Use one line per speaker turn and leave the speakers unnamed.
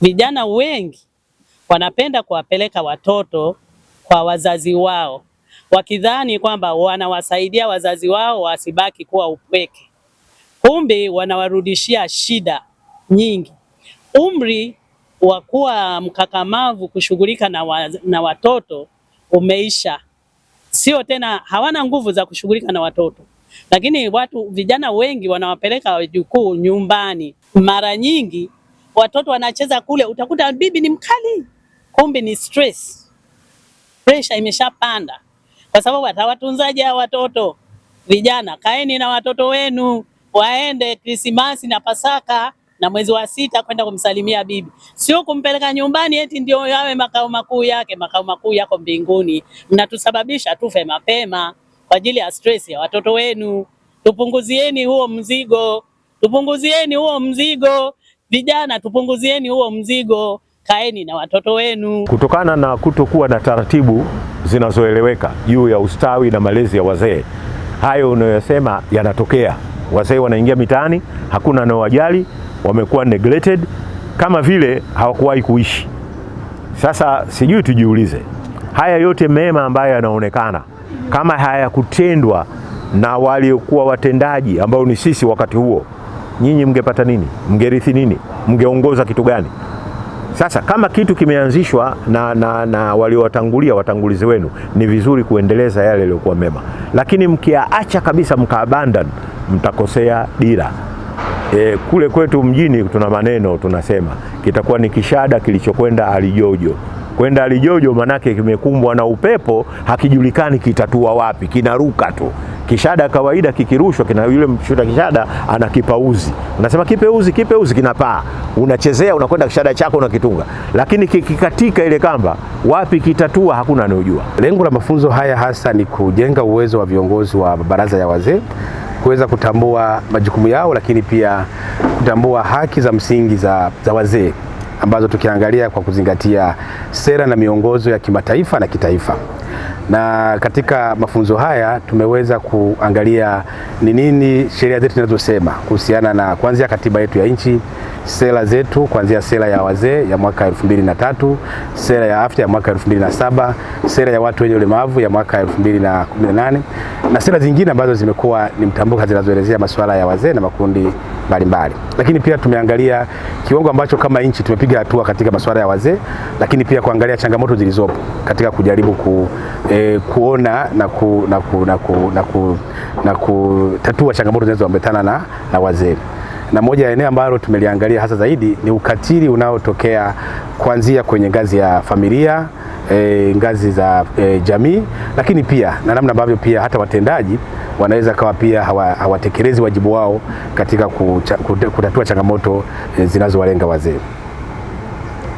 Vijana wengi wanapenda kuwapeleka watoto kwa wazazi wao wakidhani kwamba wanawasaidia wazazi wao wasibaki kuwa upweke, kumbe wanawarudishia shida nyingi. Umri wa kuwa mkakamavu kushughulika na, wa, na watoto umeisha, sio tena, hawana nguvu za kushughulika na watoto, lakini watu vijana wengi wanawapeleka wajukuu nyumbani mara nyingi watoto wanacheza kule, utakuta bibi ni mkali, kumbe ni stress, pressure imeshapanda, kwa sababu atawatunzaje hao watoto? Vijana, kaeni na watoto wenu waende Krismasi na Pasaka na mwezi wa sita kwenda kumsalimia bibi, sio kumpeleka nyumbani eti ndio yawe makao makuu yake. Makao makuu yako mbinguni. Mnatusababisha tufe mapema kwa ajili ya stress ya watoto wenu. Tupunguzieni huo mzigo, tupunguzieni huo mzigo. Vijana tupunguzieni huo mzigo, kaeni na watoto wenu.
Kutokana na kutokuwa na taratibu zinazoeleweka juu ya ustawi na malezi ya wazee, hayo unayosema yanatokea. Wazee wanaingia mitaani, hakuna anaowajali, wamekuwa neglected kama vile hawakuwahi kuishi. Sasa sijui tujiulize, haya yote mema ambayo yanaonekana kama hayakutendwa na waliokuwa watendaji ambao ni sisi wakati huo nyinyi mngepata nini? Mngerithi nini? Mngeongoza kitu gani? Sasa kama kitu kimeanzishwa na, na, na waliowatangulia watangulizi wenu, ni vizuri kuendeleza yale yaliyokuwa mema, lakini mkiaacha kabisa mkaabandon, mtakosea dira. E, kule kwetu mjini tuna maneno tunasema kitakuwa ni kishada kilichokwenda alijojo kwenda alijojo, manake kimekumbwa na upepo, hakijulikani kitatua wapi, kinaruka tu. Kishada kawaida kikirushwa kina yule mshuta kishada anakipa uzi, unasema kipe uzi, kipe uzi, kinapaa, unachezea, unakwenda kishada chako unakitunga, lakini kikikatika ile kamba, wapi kitatua? Hakuna anayojua.
Lengo la mafunzo haya hasa ni kujenga uwezo wa viongozi wa baraza ya wazee kuweza kutambua majukumu yao, lakini pia kutambua haki za msingi za, za wazee ambazo tukiangalia kwa kuzingatia sera na miongozo ya kimataifa na kitaifa. Na katika mafunzo haya tumeweza kuangalia ni nini sheria zetu zinazosema kuhusiana na kuanzia katiba yetu ya nchi, sera zetu kuanzia sera ya wazee ya mwaka tatu, sera ya afya ya mwaka saba, sera ya watu wenye ulemavu ya mwaka nane na sera zingine ambazo zimekuwa ni mtambuka zinazoelezea masuala ya wazee na makundi mbalimbali, lakini pia tumeangalia kiwango ambacho kama nchi tumepiga hatua katika masuala ya wazee, lakini pia kuangalia changamoto zilizopo katika kujaribu ku, e, kuona na ku, na ku, na ku, na ku, na kutatua changamoto zinazoambatana na, na wazee na moja ya eneo ambalo tumeliangalia hasa zaidi ni ukatili unaotokea kuanzia kwenye ngazi ya familia e, ngazi za e, jamii, lakini pia na namna ambavyo pia hata watendaji wanaweza kawa pia hawatekelezi hawa wajibu wao katika kucha, kutatua changamoto eh, zinazowalenga wazee.